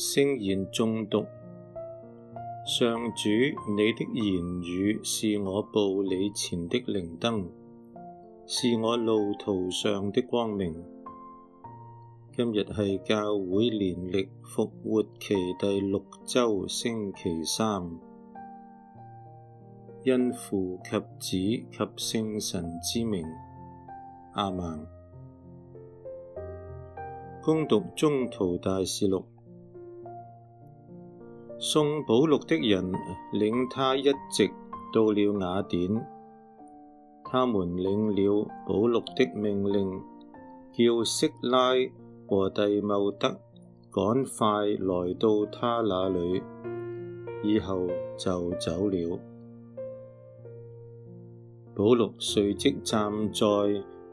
聖言誦讀，上主，你的言語是我步履前的靈燈，是我路途上的光明。今日係教會年曆復活期第六周星期三，因父及子及聖神之名，阿門。恭讀宗徒大事錄。送保祿的人領他一直到了雅典，他們領了保祿的命令，叫息拉和弟茂德趕快來到他那裏，以後就走了。保祿遂即站在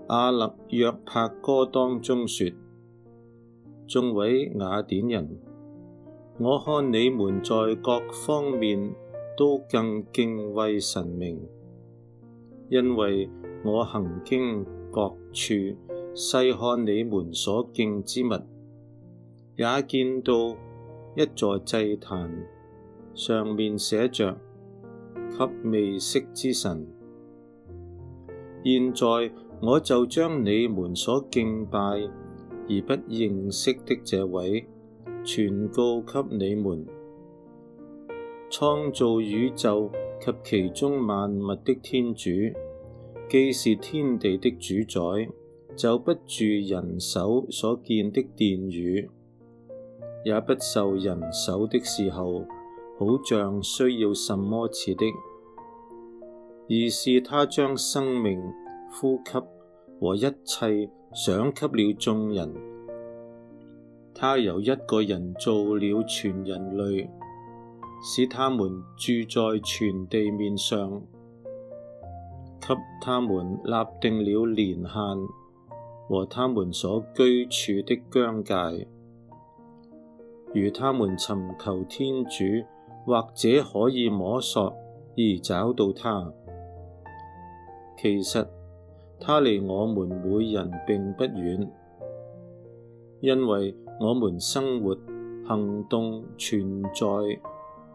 阿勒約帕哥當中說：眾位雅典人。我看你們在各方面都更敬畏神明，因為我行經各處，細看你們所敬之物，也見到一座祭壇，上面寫着「給未識之神」。現在我就將你們所敬拜而不認識的這位。傳告給你們，創造宇宙及其中萬物的天主，既是天地的主宰，就不住人手所建的殿宇，也不受人手的侍候，好像需要什麼似的，而是他將生命、呼吸和一切賞給了眾人。他由一個人造了全人類，使他們住在全地面上，給他們立定了年限，和他們所居處的疆界。如他們尋求天主，或者可以摸索而找到他，其實他離我們每人並不遠，因為我們生活、行動、存在，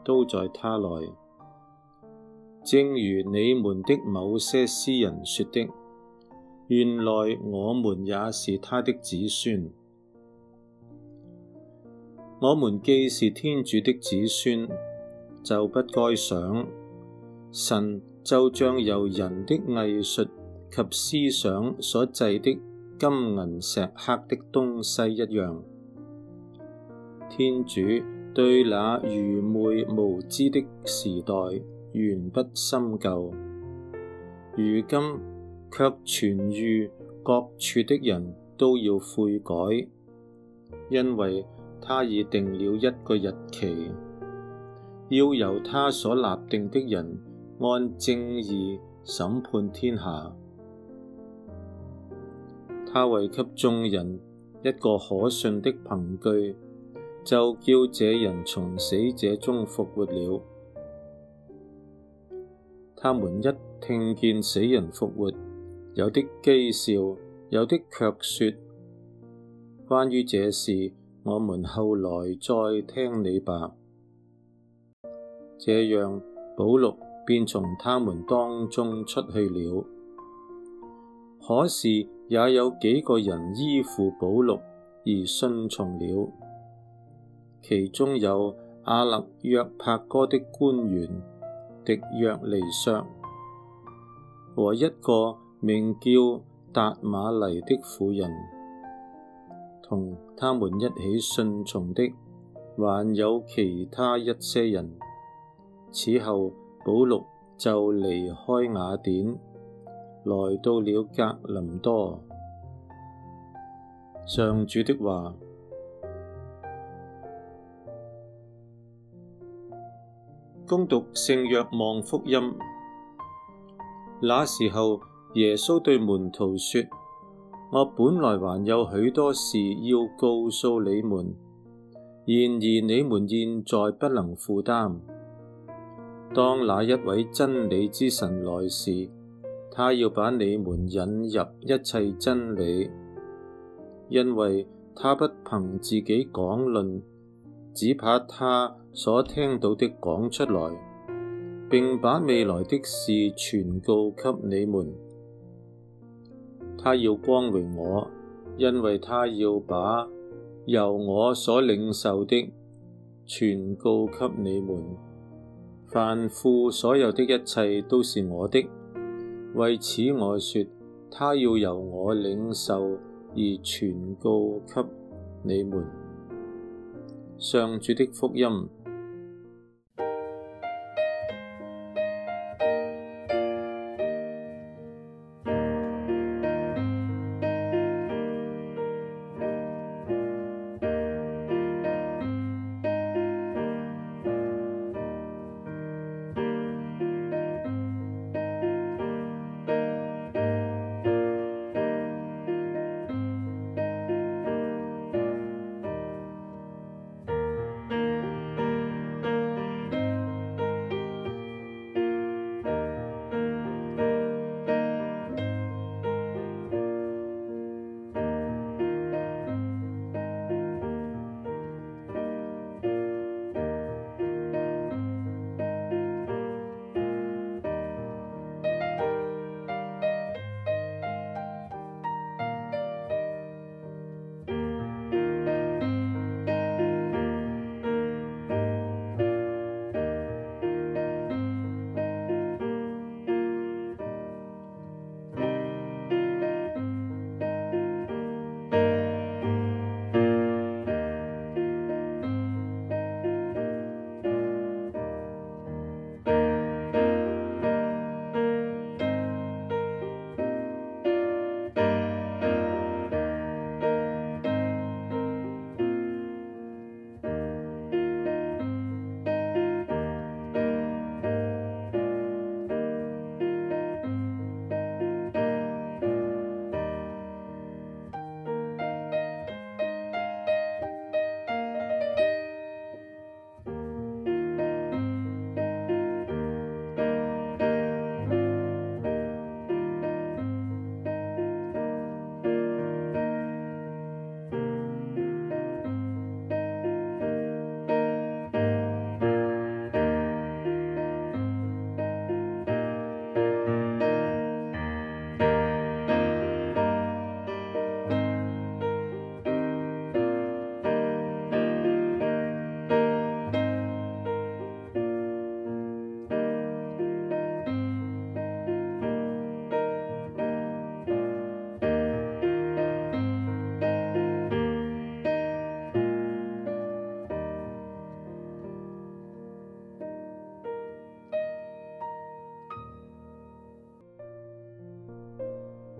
都在他內，正如你們的某些詩人說的：原來我們也是他的子孫。我們既是天主的子孫，就不該想，神就像由人的藝術及思想所製的金銀石刻的東西一樣。天主對那愚昧無知的時代，原不深究，如今卻傳諭各處的人都要悔改，因為他已定了一個日期，要由他所立定的人按正義審判天下。他為給眾人一個可信的憑據。就叫這人從死者中復活了。他們一聽見死人復活，有啲譏笑，有啲卻說：關於這事，我們後來再聽你吧。這樣，保禄便從他們當中出去了。可是也有幾個人依附保禄而順從了。其中有阿勒約帕哥的官員狄約尼削，和一個名叫達瑪黎的婦人，同他們一起信從的，還有其他一些人。此後，保祿就離開雅典，來到了格林多。上主的話。恭讀聖若望福音，那時候耶穌，對門徒說：我本來還有許多事要告訴你們，然而你們現在不能負擔。當那一位真理之神來時，他要把你們引入一切真理，因為他不憑自己講論。只把他所聽到的講出來，並把未來的事傳告給你們。他要光榮我，因為他要把由我所領受的，傳告給你們。凡父所有的一切，都是我的，為此我說，他要由我領受而傳告給你們。上主的福音。